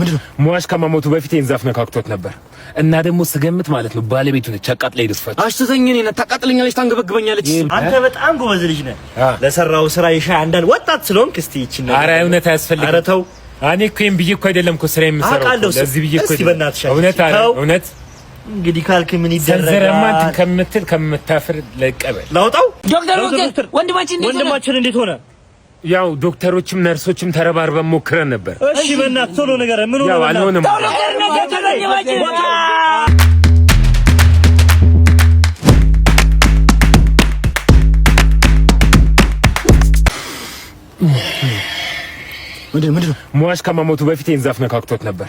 ምንድነው? ሙያሽ ከማሞቱ በፊት ዛፍ ነካክቶት ነበር እና ደግሞ ስገምት ማለት ነው ባለቤቱ ነች። አቃጥላ ይደስፋት አሽተተኝ እኔ ነኝ። ታቃጥለኛለች፣ ታንገበግበኛለች። አንተ በጣም ጎበዝ ልጅ ነህ። ለሰራው ስራ ይሻ አንዳንድ ወጣት ስለሆንክ እስቲ ነው። ኧረ እውነት አያስፈልግም። ኧረ ተው። እኔ እኮ ይሄን ብዬሽ እኮ አይደለም እኮ ስራ የምሰራው ለዚህ ብዬሽ እኮ እውነት አለ እውነት እንግዲህ ካልክ ምን ይደረጋል? ሰንዘረማን ከምትል ከምታፍር ለቀበል ላውጣው። ዶክተር ወንድማችን እንዴት ሆነ? ወንድማችን እንዴት ሆነ? ያው ዶክተሮችም ነርሶችም ተረባርበን ሞክረን ነበር። እሺ በእናትህ ቶሎ ነገር ምን ሆነ? አልሆነም። ምንድን ነው ሟች ከማሞቱ በፊት የንዛፍ ነካክቶት ነበር።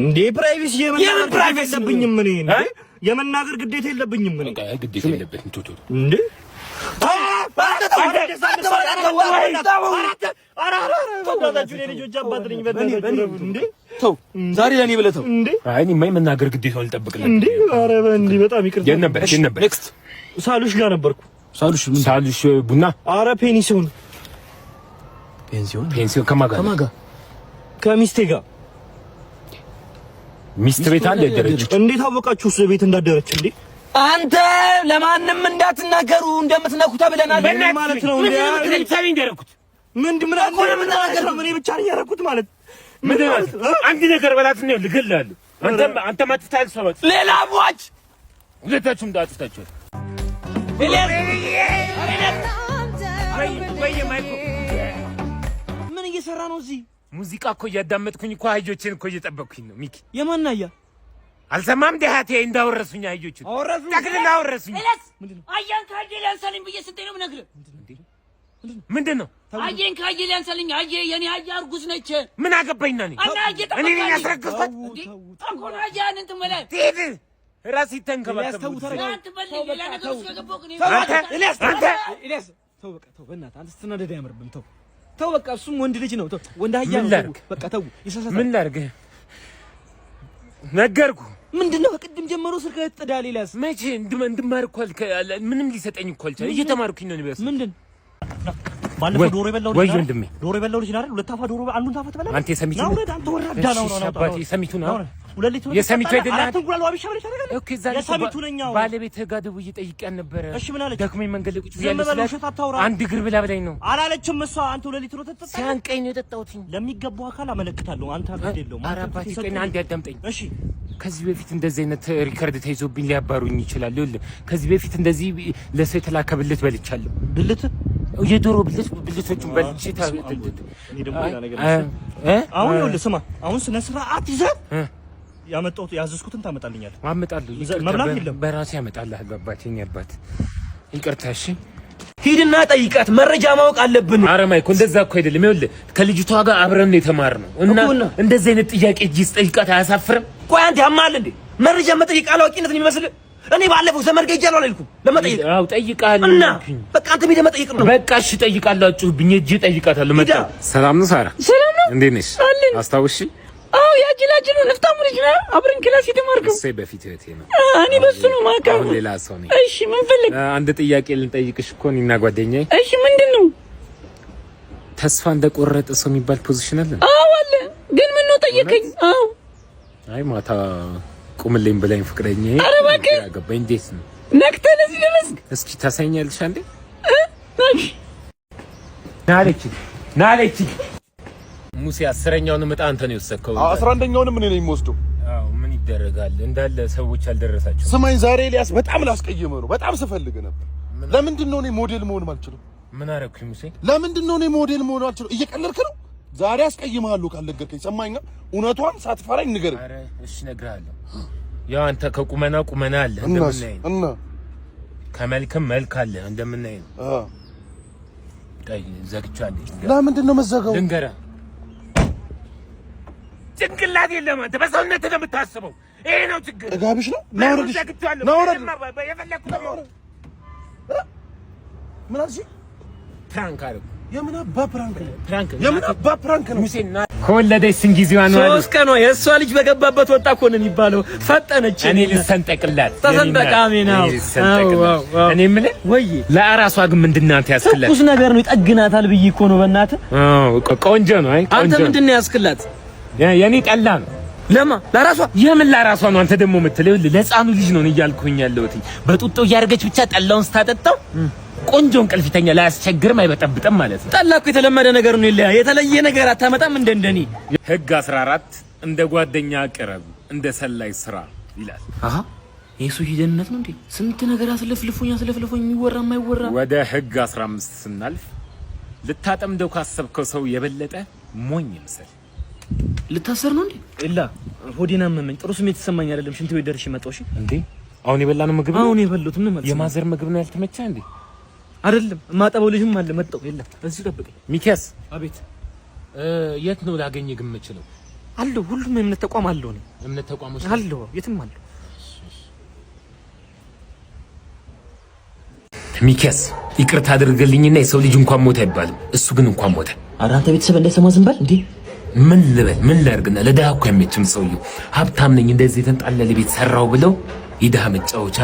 እንዴ ፕራይቬሲ የምን ፕራይቬሲ የለብኝም ምን እንዴ የመናገር ግዴታ የለብኝም እንዴ ግዴታ የለብኝም ቱቱ እንዴ ዛሬ ለኔ ብለህ ተው። አይ እኔማ የመናገር ግዴታ አልጠብቅልህ ሳሉሽ ጋር ነበርኩ። ሳሉሽ ቡና። አረ ፔንሲዮን ፔንሲዮን ከማን ጋር? ከሚስቴ ጋር ሚስት ቤት አለ ያደረችው። እንዴት አወቃችሁ እሱ ቤት እንዳደረች? እንዴ አንተ ለማንም እንዳትናገሩ እንደምትነኩ ተብለናል። ምን ማለት ነው? እንዴ ምን ምን አቆ ምን ነገር ነው? እኔ ብቻ ነኝ ያደረኩት ማለት ምን ማለት ነው? አንድ ነገር በላት ነው ልገልላሉ። አንተ አንተ ማትታል ሰበት ሌላ ሟች ሁለታችሁም ዳጥታችሁ ምን እየሰራ ነው እዚህ ሙዚቃ እኮ እያዳመጥኩኝ እኮ አህዮችን እኮ እየጠበቅኩኝ ነው። ሚኪ የማን አያ አልሰማም። ደሃቴ እንዳወረሱኝ አህዮችን አወረሱኝ፣ አወረሱኝ። አያን ከአህዬ ሊያንሳልኝ ብዬ ስንቴ ነው የምነግርህ። ምንድን ነው አህዬን ከአህዬ ሊያንሳልኝ? አህዬ የኔ አህዬ እርጉዝ ነች። ምን አገባኝና ነኝ እኔ ነኝ ያስረገዝኳት እኮ ነው። አህያን እንትን ትሄድ ራስህ ይተንከባከብ። ተው፣ በቃ ተው፣ በእናትህ አንተ ስትናደድ አያምርብም። ተው ተው በቃ እሱም ወንድ ልጅ ነው። ወንድ አህያ ነው። በቃ ተው፣ ይሳሳታል። ምን ላድርግ? ነገርኩ። ምንድነው ከቅድም ጀምሮ ስልክ ተጠዳ ሌላስ? መቼ እንድማር እኮ ምንም ሊሰጠኝ እኮ አልቻለም። እየተማርኩኝ ነው። ቢያስ ምንድን ባለፈው ዶሮ የበላው ወይ ወንድሜ ዶሮ የበላው ልጅ አይደል? ሁለት አፋ ዶሮ አንዱን ታፋ ትበላለህ አንተ። የሰሚቱን አውረድ አንተ ወራዳ ነው ነው ነው። አባቴ የሰሚቱን የሰሚቱ አይደለም ባለቤትህ ጋር ደውዬ ጠይቄያት ነበረ። ደክሞኝ መንገድ ላይ ቁጭ ብያለሁ። አንድ እግር ብላ ብላኝ ነው አላለችም እሷ። አንተ ሁለት ሊትር ሲያንቀኝ ነው የጠጣሁት። ለሚገባው አካል አመለክታለሁ። አንተ አግድ ኧረ አባቴ ቆይ አንዴ አዳምጠኝ። እሺ ከዚህ በፊት እንደዚህ አይነት ሪከርድ ተይዞብኝ ሊያባሩኝ ይችላል። ይኸውልህ ከዚህ በፊት እንደዚህ ለሰው የተላከ ብልት በልቻለሁ። ብልት የዶሮ ብልት ብልቶቹን በልቼ ታውቃለህ። አሁን ይኸውልህ ስማ፣ አሁን ስነ ስርዓት ይዘህ ያመጣሁት ያዘዝኩትን ታመጣልኛል። አመጣልኝ መብላት የለም በራሴ ያመጣልህ። አባት የእኔ አባት ይቅርታ እሺ። ሂድና ጠይቃት። መረጃ ማወቅ አለብን። ኧረ ማይኮ እንደዛ እኮ አይደለም። ይኸውልህ ከልጅቷ ጋር አብረን ነው የተማርነው እና እንደዚህ አይነት ጥያቄ እጅስ ጠይቃት አያሳፍርም? ቆይ አንተ ያማል እንዴ? መረጃ መጠየቅ አላዋቂነት የሚመስል እኔ ባለፈው ዘመድ ጋር ሄጃለሁ አላልኩም? ለመጠየቅ አዎ፣ ጠይቃለሁ እና በቃ አንተ ሄደህ መጠየቅ ነው። በቃ እሺ፣ ጠይቃላችሁ አጭሁብኝ እጄ ጠይቃታለሁ። መጣ። ሰላም ነው ሳራ? ሰላም ነው። እንዴት ነሽ? አስታውሽ አዎ ያ ጅላጅል ነው። ንፍታሙ ልጅ ነው። አብረን ክላስ የተማርከው እሴ በፊት እህቴ ነው። እኔ በሱ ነው ማውቀው። አሁን ሌላ ሰው ነኝ። እሺ ምን ፈልግ? አንድ ጥያቄ ልንጠይቅሽ እኮ እኔና ጓደኛዬ። እሺ ምንድን ነው? ተስፋ እንደቆረጠ ሰው የሚባል ፖዚሽን አለ? አዎ አለ። ግን ምን ነው ጠየቀኝ? አዎ አይ ማታ ቁምልኝ ብላኝ ፍቅረኛዬ። ኧረ እባክህ ያገባኝ። እንዴት ነው ነክተህ ለዚህ ድረስ? እስኪ ታሳይኛለሽ አንዴ። ናለች ናለች ሙሴ አስረኛውን ምጣ አንተ ነው የወሰድከው። አስራ አንደኛውንም እኔ ነኝ የምወስደው። አዎ ምን ይደረጋል እንዳለ ሰዎች አልደረሳቸው። ስማኝ፣ ዛሬ ኤልያስ በጣም ላስቀየመ ነው። በጣም ስፈልግ ነበር። ለምንድን ነው እኔ ሞዴል መሆን አልችልም? ምን አደረኩኝ ሙሴ? ለምንድን ነው እኔ ሞዴል መሆን አልችልም? እየቀለድክ ነው። ዛሬ አስቀይምሃለሁ ካልነገርከኝ። ሰማኝ፣ እውነቷን ሳትፈራኝ ንገር። ኧረ እሺ እነግርሃለሁ። ያው አንተ ከቁመና ቁመና አለ እንደምናይ እና ከመልክም መልክ አለ እንደምናይ ነው። አዎ ቀይ ዘግቻለሁ። ለምንድን ነው መዘጋው? ልንገርህ ጭንቅላት የለም። አንተ በሰውነት ነው የምታስበው። ይሄ ነው ችግር። ጋብሽ ነው ናውረድ ምን አልሽ? ፕራንክ አደረኩ። የምን አባ ፕራንክ ነው? የምን አባ ፕራንክ ነው? ሙሴና ከወለደች ስንጊዜዋ ነው። ሶስት ነው የእሷ ልጅ በገባበት ወጣ እኮ ነው የሚባለው። ፈጠነች። እኔ ልሰንጠቅላት ተሰንጠቃ ነው እኔ የምልህ ወይ ግን ምንድን ነው አንተ ያስክላት? ትኩስ ነገር ነው ይጠግናታል ብዬ እኮ ነው። በእናትህ ቆንጆ ነው። አይ አንተ ምንድን ነው ያስክላት? የኔ ጠላ ነው። ለማ ለራሷ የምን ለራሷ ነው? አንተ ደግሞ የምትለው ለህፃኑ ልጅ ነው እያልኩኝ ያለሁት። በጡጦ እያደረገች ብቻ ጠላውን ስታጠጣው ቆንጆ እንቅልፍ ይተኛል። አያስቸግርም፣ አይበጠብጥም ማለት ነው። ጠላ እኮ የተለመደ ነገር ነው። ይለያ የተለየ ነገር አታመጣም። እንደ እንደኔ ህግ 14 እንደ ጓደኛ ቅረብ እንደ ሰላይ ስራ ይላል። አሃ የሱ ሂደነት ነው እንዴ? ስንት ነገር አስለፍልፎኝ አስለፍልፎኝ የሚወራ የማይወራ ወደ ህግ 15 ስናልፍ ልታጠምደው ካሰብከው ሰው የበለጠ ሞኝ ምስል ልታሰር ነው እንዴ? እላ ሆዴን አመመኝ። ጥሩ ስሜት ተሰማኝ አይደለም። ሽንት ቤት ደርሼ መጣሁ። እሺ እንዴ አሁን የበላነው ምግብ አሁን የበሉት ምን ማለት የማዘር ምግብ ነው ያልተመቻ እንዴ? አይደለም ማጠበው ልጅም አለ መጣሁ። የለ እዚህ ጠብቀኝ። ሚኪያስ አቤት። የት ነው ላገኘ ግን የምችለው? አለሁ ሁሉም የእምነት ተቋም አለሁ ነው እምነት ተቋም ውስጥ አለሁ የትም አለሁ። ሚኪያስ ይቅርታ አድርገልኝና የሰው ልጅ እንኳን ሞተ አይባልም። እሱ ግን እንኳን ሞተ። ኧረ አንተ ቤተሰብ እንዳይሰማ ዝም በል እንዴ ምን ልበል? ምን ላርግና? ለድሃ እኮ አይመችም ሰውዬው። ሀብታም ነኝ እንደዚህ የተንጣለለ ቤት ሰራው ብለው የድሃ መጫወቻ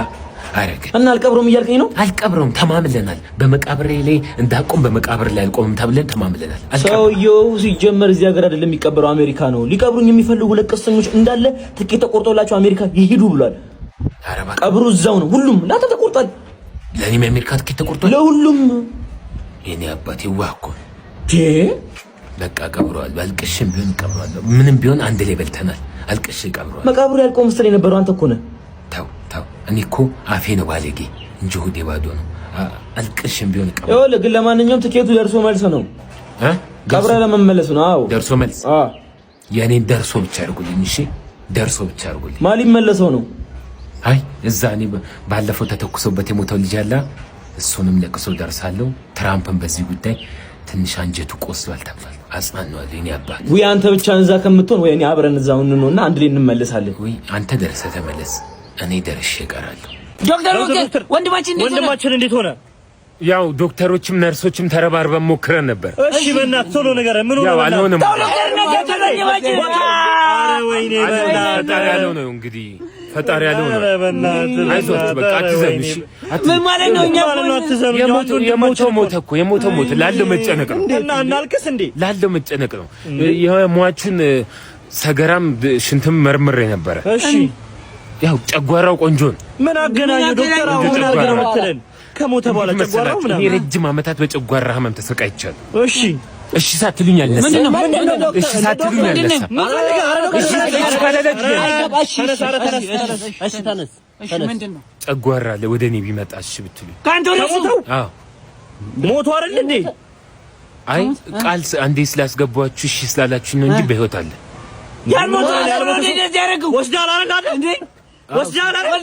አረግ እና አልቀብረውም እያልከኝ ነው? አልቀብረውም ተማምለናል። በመቃብሬ ላይ እንዳቆም በመቃብር ላይ አልቆምም ተብለን ተማምለናል። ሰውየው ሲጀመር እዚህ ሀገር አይደለም የሚቀበረው አሜሪካ ነው። ሊቀብሩኝ የሚፈልጉ ለቀስተኞች እንዳለ ትኬት ተቆርጦላቸው አሜሪካ ይሄዱ ብሏል። ቀብሩ እዛው ነው። ሁሉም ላተ ተቆርጧል። ለእኔም የአሜሪካ ትኬት ተቆርጧል። ለሁሉም የኔ አባት ይዋኮ በቃ ቀብረዋል። አልቅሽም ቢሆን ቀብረዋል። ምንም ቢሆን አንድ ላይ በልተናል። አልቅሽ ቀብረዋል። መቃብሩ ያልቆ ምስል የነበረው አንተ እኮ ነህ። ተው ተው፣ እኔ እኮ አፌ ነው ባለጌ እንጂ ሆዴ ባዶ ነው። አልቅሽም ቢሆን ቀብረዋል። ይኸውልህ ግን ለማንኛውም ትኬቱ ደርሶ መልስ ነው። ቀብረ ለመመለሱ ነው። አዎ ደርሶ መልስ። የእኔን ደርሶ ብቻ አድርጉልኝ። እሺ ደርሶ ብቻ አድርጉልኝ። ማን ሊመለሰው ነው? አይ እዛ እኔ ባለፈው ተተኩሶበት የሞተው ልጅ አለ። እሱንም ለቅሶ ደርሳለሁ። ትራምፕን በዚህ ጉዳይ ትንሽ አንጀቱ ቆስሏል ተብሏል። አጽናኗል። አባት ውይ፣ አንተ ብቻ እዛ ከምትሆን ወይ እኔ አብረን እዛው እንኖና አንድ ላይ እንመለሳለን። ውይ፣ አንተ ደርሰህ ተመለስ፣ እኔ ደርሼ እቀራለሁ። ዶክተር ወንድማችን እንዴት ሆነ? ያው ዶክተሮችም ነርሶችም ተረባርበን ሞክረን ነበር። እሺ፣ በእናትህ ቶሎ ነገር ምን ሆነ? አልሆነም። ወይኔ በእናትህ አልሆነም እንግዲህ ፈጣሪ ያለው ነው። አይዞህ በቃ አትዘን። እሺ ምን ማለት ነው? እኛ የሞተው ሞተ እኮ የሞተው ሞተ። ላለው መጨነቅ ነው። እና እናልቅስ እንዴ? ላለው መጨነቅ ነው። የሟቹን ሰገራም ሽንትም መርምሬ ነበረ። እሺ ያው ጨጓራው ቆንጆ ነው። ምን አገናኘው ዶክተር? አሁን ምን አገናኘው የምትለን ከሞተ በኋላ ጨጓራው ምን እኔ ረጅም ዓመታት በጨጓራ ህመም ተሰቃይቻለሁ። እሺ እሺ ሳትሉኝ አልነሳ። እሺ ጨጓራ ወደ እኔ ቢመጣ እሺ ብትሉኝ ሞቶ አይደል እንዴ? አይ ቃል አንዴ ስላስገባችሁ እሺ ስላላችሁ ነው እንጂ በህይወት አለ። ያልሞተ ያልሞተ ወስዳል አይደል እንዴ? ወስዳል አይደል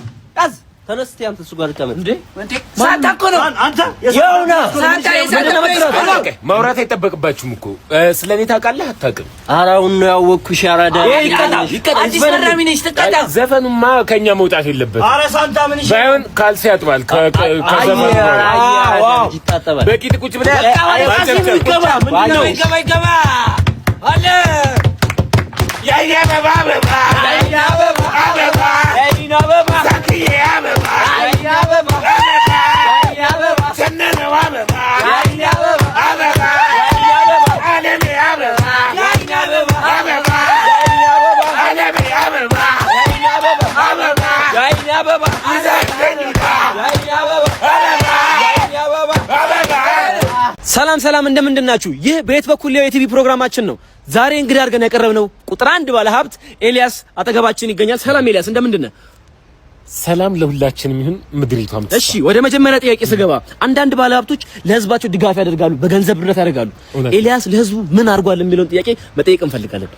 ተነስቲ አንተ እሱ ጋር እንዴ ሳንታ እኮ ነው አንተ የውና ሳንታ ማውራት አይጠበቅባችሁም እኮ ስለኔ ታውቃለህ አታውቅም? አራውን ነው ያወቅኩሽ። ያራዳ ዘፈኑማ ከኛ መውጣት የለበትም። አረ ሳንታ ምን ይሽ ባይሆን ካልሲ ያጥባል ይታጠባል። ቁጭ ብለህ ይገባ ይገባ አለ ሰላም ሰላም፣ እንደምንድን ናችሁ? ይህ በየት በኩል ያው የቲቪ ፕሮግራማችን ነው። ዛሬ እንግዳ አድርገን ያቀረብነው ቁጥር አንድ ባለ ሀብት ኤልያስ አጠገባችን ይገኛል። ሰላም ኤልያስ፣ እንደምንድን ነህ? ሰላም ለሁላችንም ይሁን ምድሪቷም። እሺ ወደ መጀመሪያ ጥያቄ ስገባ አንዳንድ ባለሀብቶች ለህዝባቸው ድጋፍ ያደርጋሉ፣ በገንዘብ ብረት ያደርጋሉ። ኤልያስ ለህዝቡ ምን አድርጓል የሚለውን ጥያቄ መጠየቅ እንፈልጋለን።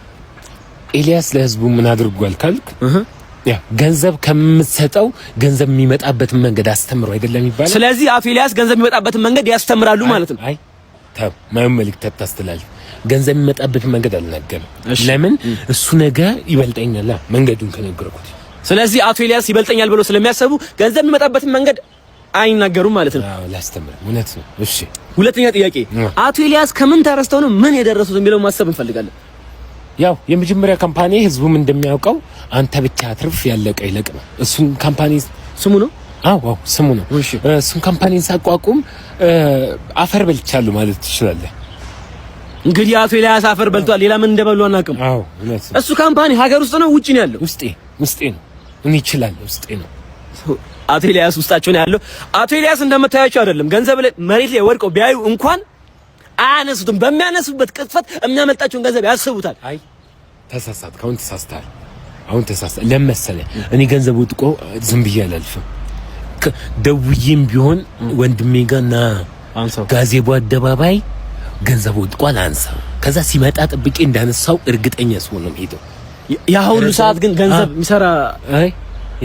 ኤልያስ ለህዝቡ ምን አድርጓል ካልክ ያ ገንዘብ ከምትሰጠው ገንዘብ የሚመጣበትን መንገድ አስተምሮ አይደለም ይባላል። ስለዚህ አፍ ኤልያስ ገንዘብ የሚመጣበትን መንገድ ያስተምራሉ ማለት ነው። አይ ተው ማየም መልእክት ታስተላልፍ ገንዘብ የሚመጣበትን መንገድ አልነገርም። ለምን እሱ ነገ ይበልጠኛል መንገዱን ከነገርኩት ስለዚህ አቶ ኤልያስ ይበልጠኛል ብሎ ስለሚያሰቡ ገንዘብ የሚመጣበትን መንገድ አይናገሩም ማለት ነው። አዎ ላስተምር፣ እውነት ነው። እሺ፣ ሁለተኛ ጥያቄ አቶ ኤልያስ ከምን ተረስተው ነው ምን የደረሱት የሚለው ማሰብ እንፈልጋለን። ያው የመጀመሪያ ካምፓኒ ህዝቡም እንደሚያውቀው አንተ ብቻ አትርፍ ያለቀ ይለቅ ነው። እሱን ካምፓኒ ስሙ ነው። አዎ አዎ ስሙ ነው። እሺ እሱን ካምፓኒን ሳቋቁም አፈር በልቻለሁ ማለት ትችላለህ። እንግዲህ አቶ ኤልያስ አፈር በልቷል። ሌላ ምን እንደበሉ አናውቅም። አዎ እሱ ካምፓኒ ሀገር ውስጥ ነው ውጪ ነው ያለው? ውስጤ ውስጤ ነው ምን ይችላል ውስጤ ነው። አቶ ኤልያስ ውስጣቸው ነው ያለው። አቶ ኤልያስ እንደምታያቸው አይደለም። ገንዘብ ላይ መሬት ላይ ወድቀው ቢያዩ እንኳን አያነሱትም። በሚያነሱበት ቅጥፈት የሚያመጣቸውን ገንዘብ ያስቡታል። አይ ተሳሳት፣ አሁን ተሳስተሃል፣ አሁን ተሳስተሃል። ለምን መሰለህ እኔ ገንዘብ ወድቆ ዝም ብዬ አላልፍም። ደውዬም ቢሆን ወንድሜ ጋር ና ጋዜቦ አደባባይ ገንዘብ ወድቋል አንሳው። ከዛ ሲመጣ ጥብቄ እንዳነሳው እርግጠኛ ስሆን ነው የምሄደው። ያ ሁሉ ሰዓት ግን ገንዘብ የሚሰራ አይ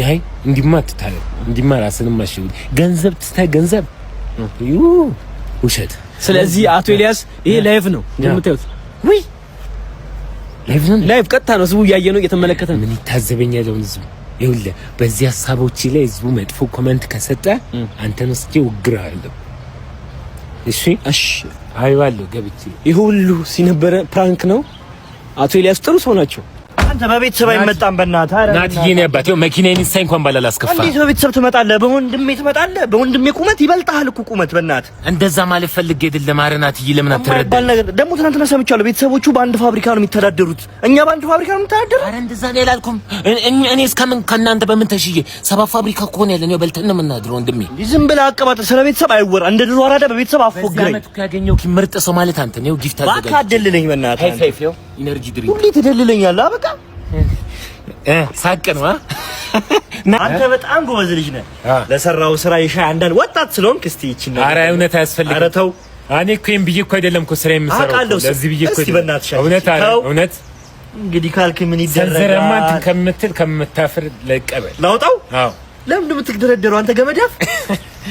ይሄ እንዲማ ትታለ እንዲማ ራስንም ማሽው ገንዘብ ትስተ ገንዘብ ዩ ውሸት። ስለዚህ አቶ ኤልያስ ይሄ ላይፍ ነው እንደምታዩት፣ ወይ ላይፍ ነው፣ ላይፍ ቀጥታ ነው። ህዝቡ እያየ ነው እየተመለከተ ነው። ምን ይታዘበኛል? አሁን ህዝቡ ይውለ በዚህ ሀሳቦች ላይ ህዝቡ መጥፎ ኮመንት ከሰጠ አንተን ወስጄ እወግርሃለሁ። እሺ እሺ፣ አይባለሁ ገብቼ ይሄ ሁሉ ሲነበረ ፕራንክ ነው። አቶ ኤልያስ ጥሩ ሰው ናቸው። አንተ በቤተሰብ አይመጣም። በእናትህ ናትዬን ያባት ይኸው መኪናዬን ይሳይ እንኳን ባላል እንዴት በቤተሰብ ትመጣለህ? በወንድሜ ትመጣለህ? በወንድሜ ቁመት ይበልጥሃል እኮ ቁመት። በእናትህ እንደዛ ማለት ፈልጌ አይደለም። ኧረ ናትዬ ለምን አትረዳም? ደግሞ ትናንትና ሰምቻለሁ፣ ቤተሰቦቹ በአንድ ፋብሪካ ነው የሚተዳደሩት። እኛ በአንድ ፋብሪካ ነው የምንተዳደረው። ኧረ እንደዛ ነው ያላልኩም እኔ። እስከምን ከእናንተ በምን ተሽዬ ሰባት ፋብሪካ እኮ ነው ያለን። በልተን ነው የምናድረው ወንድሜ። ዝም ብለህ አቀባጥር። ስለ ቤተሰብ አይወራ። እንደ ድሮ አራዳ በቤተሰብ አፎግራኝ። ያገኘው ምርጥ ሰው ማለት አንተ ነው። ጊፍት አዘጋጅ ባካ አደልለኝ በእናትህ። ኢነርጂ ድሪንክ ሁሌ ትደልለኛለህ። አበቃ ሳቅ ነው። አንተ በጣም ጎበዝ ልጅ ነህ። ለሰራው ስራ ይሻ አንዳንድ ወጣት ስለሆንክ እስቲ ይቺን ነው። ኧረ እውነት አያስፈልግም። ኧረ ተው። እኔ እኮ ይሄን ብዬሽ እኮ አይደለም እኮ ስራ የምሰራው ለዚህ ብዬሽ እኮ እውነት እንግዲህ ካልክ ምን ይደረጋል? ሰንዘረማ እንትን ከምትል ከምታፍር ለቀበል ላውጣው። አዎ ለምንድን የምትደረደረው አንተ ገመዳፍ?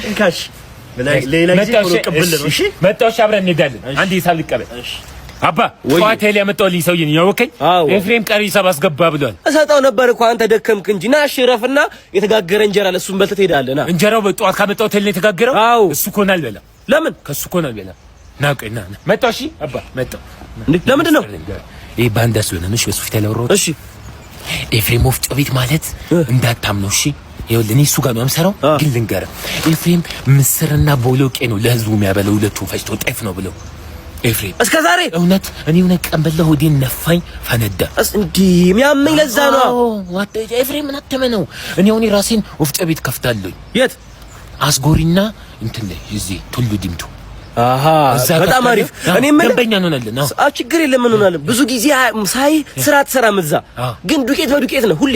እንካሽ ሌላ ጊዜ ነው። ቀበል ነው። እሺ አብረን እንሄዳለን። አንድ ሂሳብ ልቀበል። እሺ አባ ጠዋት ሄል ያመጣሁልኝ ነው ያወቀኝ ኤፍሬም ቀሪ ሰብ አስገባ ብሏል። እሰጠው ነበር እኮ አንተ ደከምክ እንጂ ና ሽረፍና የተጋገረ እንጀራ ለእሱም በልተህ ትሄዳለህ። ና እንጀራው ጠዋት ካመጣው ሄል ነው የተጋገረው። እሱ እኮ ነው አልበላም። ለምን ከሱ እኮ ነው አልበላም። ና ቆይ ና ና መጣሁ። እሺ አባ መጣሁ። ለምንድን ነው ይሄ ባንዳ ስለሆነ ነው። እሺ በሱ ፊት ያላወራሁት። እሺ ኤፍሬም ወፍጮ ቤት ማለት እንዳታምነው እሺ ይኸውልህ እኔ እሱ ጋር ነው የምሰራው፣ ግን ልንገርህ ኤፍሬም ምስርና ቦሎቄ ነው ለህዝቡ የሚያበለው። ሁለቱ ፈጭቶ ጤፍ ነው ብለው ኤፍሬም እስከ ዛሬ እውነት እኔ እውነት ቀን በላ ሆዴን ነፋኝ፣ ፈነዳ። እንዲ የሚያመኝ ለዛ ነው። ኤፍሬም ምን አተመ ነው? እኔ አሁን ራሴን ወፍጮ ቤት ከፍታለሁ። የት? አስጎሪና እንትን ላይ እዚህ ቱሉ ዲምቱ። አሃ በጣም አሪፍ። እኔ ምን ደንበኛ እንሆናለን። አዎ ችግር የለም እንሆናለን። ብዙ ጊዜ ሳይ ስራ ትሰራም እዛ፣ ግን ዱቄት በዱቄት ነው ሁሌ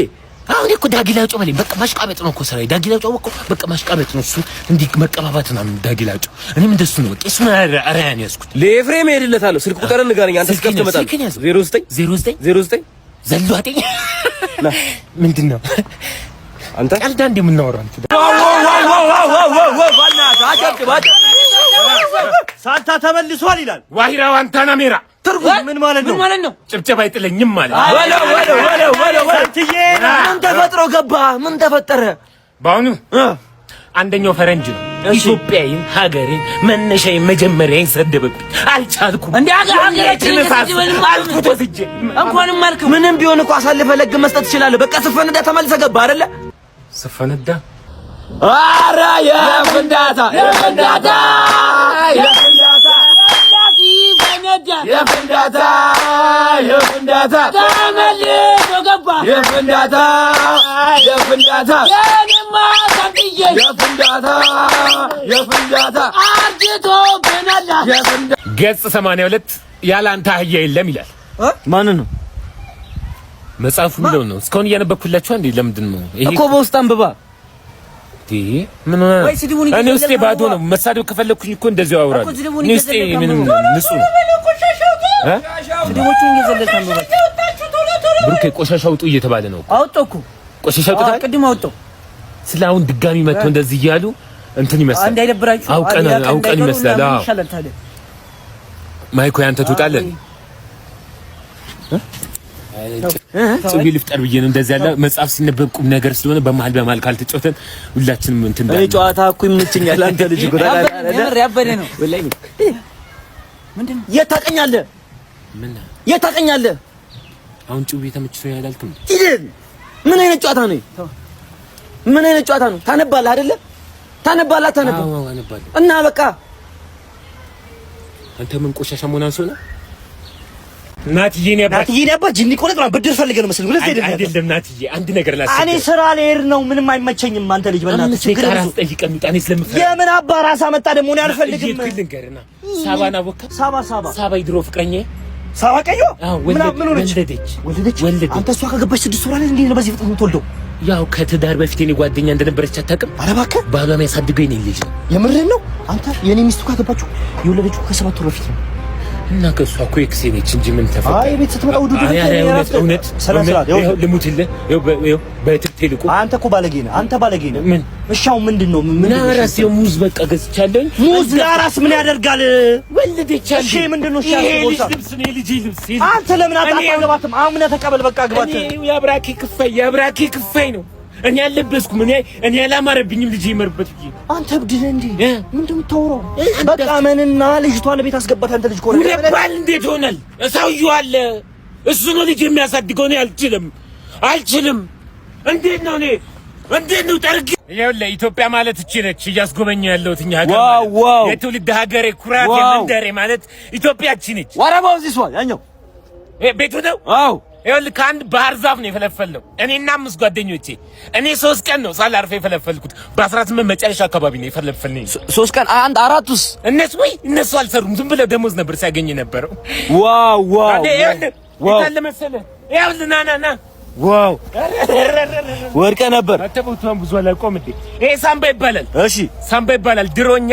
አሁን እኮ ዳጊ ላጮ በለኝ። በቃ ማሽቃበጥ ነው እኮ ስራዬ። ዳጊ ላጮ እኮ በቃ ማሽቃበጥ ነው። እሱ እንዲህ መቀባባት ነው ዳጊ ላጮ። እኔም እንደሱ ነው። በቃ ነው አርአያ ነው ያዝኩት። ለኤፍሬም እሄድለታለሁ። ስልክ ቁጥርን ንገረኝ አንተ። ስልክ ትመጣለህ። 09 09 09 ዘሎ አጤኝ ምንድን ነው አንተ ቀልዳ እንደ የምናወራው ሳንታ ተመልሷል ይላል ዋሂራ ዋንታና ሜራ ትርጉም ምን ማለት ነው? ጭብጨባ አይጥለኝም ማለት ምን ተፈጥሮ ገባ? ምን ተፈጠረ? በአሁኑ አንደኛው ፈረንጅ ነው። ኢትዮጵያዊን ሀገሬን መነሻዬን መጀመሪያዬን ሰደበብኝ። አልቻልኩም። እንደ እንኳንም አልክ። ምንም ቢሆን እኮ አሳልፈህ ለግ መስጠት ትችላለህ። በቃ ስፈነዳ ተመልሰ ገባ አይደለ? ስፈነዳ የፍንዳታ የፍንዳታ የፍንዳታ የፍንዳታ ተመልሶ ገባ የፍንዳታ የፍንዳታ የኔማ ሳንትዬ የፍንዳታ የፍንዳታ አርጅቶ ብናላ ገጽ 82 ያላንተ አህያ የለም ይላል። ማን ነው መጽሐፉ ምንድን ነው? እስካሁን እያነበብኩላችሁ እንዴ? ለምንድን ነው ይሄ እኮ በውስጥ አንብባ እኔ ውስጤ ባዶ ነው። መሳደብ ከፈለግኩኝ እኮ እንደዚያው አውራለሁ። እኔ ውስጤ ምንም ንጹህ ነው። ስድቦቹን እየዘለልክ አንብበል። ብሩኬ ቆሻሻ አውጡ እየተባለ ነው። አወጣሁ እኮ ቆሻሻ አውጥታል። ቅድም አወጣሁ ስለ አሁን ድጋሚ መጥቶ እንደዚህ እያሉ እንትን ይመስላል። እንዳይደብራችሁ አውቀን አውቀን ይመስላል። አዎ ማይኮ ያንተ ትውጣለን። ጽጌ ልፍጠር ብዬ ነው እንደዚህ ያለ መጽሐፍ ሲነበብ ቁም ነገር ስለሆነ በመሀል በመሀል ካልተጫወተን ሁላችንም እንትን እኔ ጨዋታ እኮ ይመችኛል። አንተ ልጅ ጎዳና ያበደ ነው። ወላይ ምንድን ነው የታቀኛለህ ምን የት ታውቀኛለህ? አሁን ጩቤ ተመችቶኛል አላልክም? ምን አይነት ጨዋታ ነው? ምን አይነት ጨዋታ ነው? ታነባለህ አይደለ? ታነባለህ እና በቃ አንተ ምን ቆሻሻ መሆን አንሶ ነው ናትዬ ነው ናትዬ ነው አባት ጂኒ ቆለ ብድር ፈልገህ ነው መሰለኝ። ሁለት አይደለም አይደለም። ናትዬ አንድ ነገር እኔ ስራ ልሄድ ነው። ምንም አይመቸኝም። አንተ ልጅ በእናትህ ችግር ጣኔ የምን አባ ራስ አመጣ ደግሞ አልፈልግም። ሳባ ሳባ ሳባ ይድሮ ፍቅረኛዬ ሳባ ወለደች ወለደች። አንተ እሷ ከገባች ስድስት ወር አለ እንዴ ነው በዚህ ፍጥነት የምትወልደው? ያው ከትዳር በፊት የኔ ጓደኛ እንደነበረች አታውቅም? ኧረ እባክህ ባሏም ያሳድገው የኔ ልጅ ነው። የምርህን ነው አንተ? የኔ ሚስቱ ካገባችሁ የወለደችው ከሰባት ወር በፊት ነው። እና ከእሷ እኮ ኤክሴ ነች እንጂ ምን ተፈጠረ? አይ ቤት ስትመጣ ውዱ ምን ያደርጋል? አንተ ለምን አታገባትም? አምነህ ተቀበል። በቃ አግባት። የአብራኬ ክፋይ የአብራኬ ክፋይ ነው። እኔ አለበስኩም እኔ እኔ አላማረብኝም። ልጅ ይመርበት ብዬ አንተ እብድ ነህ እንዴ? ምንድን የምታወራው? በቃ መንና ልጅቷ ለቤት አስገባት። አንተ ልጅ ኮረ ባል እንዴት ይሆናል? ሰውዬው አለ እሱ ነው ልጅ የሚያሳድገው። እኔ አልችልም አልችልም። እንዴት ነው እኔ እንዴት ነው ጠርግ ይኸውልህ ኢትዮጵያ ማለት እቺ ነች፣ እያስጎበኘሁ ያለሁት እኛ ሀገር ዋው ዋው፣ የትውልድ ሀገሬ ኩራት፣ የመንደሬ ማለት ኢትዮጵያ እቺ ነች። ዋራማው እዚህ ሷ ያኛው ቤቱ ነው። አዎ ይኸውልህ ከአንድ ባህር ዛፍ ነው የፈለፈልነው እኔና አምስት ጓደኞቼ። እኔ ሶስት ቀን ነው ሳላርፈ የፈለፈልኩት። በ18 መጨረሻ አካባቢ ነው የፈለፈልነኝ። ሶስት ቀን አንድ አራቱስ እነሱ ወይ እነሱ አልሰሩም። ዝም ብለው ደሞዝ ነበር ሲያገኝ ነበረው። ዋው ዋው ዋው ይኸውልህ ይኸውልህ ና ና ና ዋው ወርቀ ነበር። አተቦቷን ብዙ አላውቀውም እንዴ። ይሄ ሳምባ ይባላል። እሺ ሳምባ ይባላል። ድሮኛ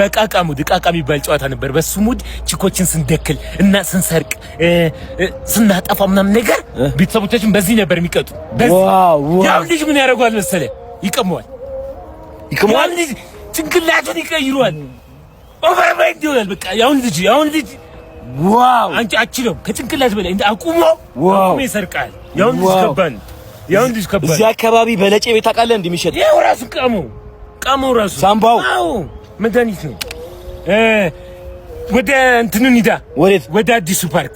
በቃቃሙ ሙድ ቃቃ ጨዋታ ነበር። በሱ ሙድ ቺኮችን ስንደክል እና ስንሰርቅ ስናጠፋ ምናምን ነገር ቤተሰቦቻችን በዚህ ነበር የሚቀጡ። ዋው ያው ልጅ ምን ያደርገዋል መሰለ ይቀመዋል፣ ይቀመዋል፣ ልጅ ጭንቅላቱን ይቀይረዋል። ኦቨርባይት ይሆናል። በቃ ያው ልጅ ያው ልጅ ዋው! አንቺ አችለው ከጭንቅላት በላይ እንደ አቁሞ አቁሞ ይሰርቃል። ያው ዲስከባን ያው ዲስከባን እዚህ አካባቢ በለጨ ቤት አውቃለህ እንደሚሸጥ ይሄው ራሱ ቀሙ ቀሙ ራሱ ሳምባው አዎ፣ መድኃኒት ነው። ወደ እንትኑ ወዴት? ወደ አዲሱ ፓርክ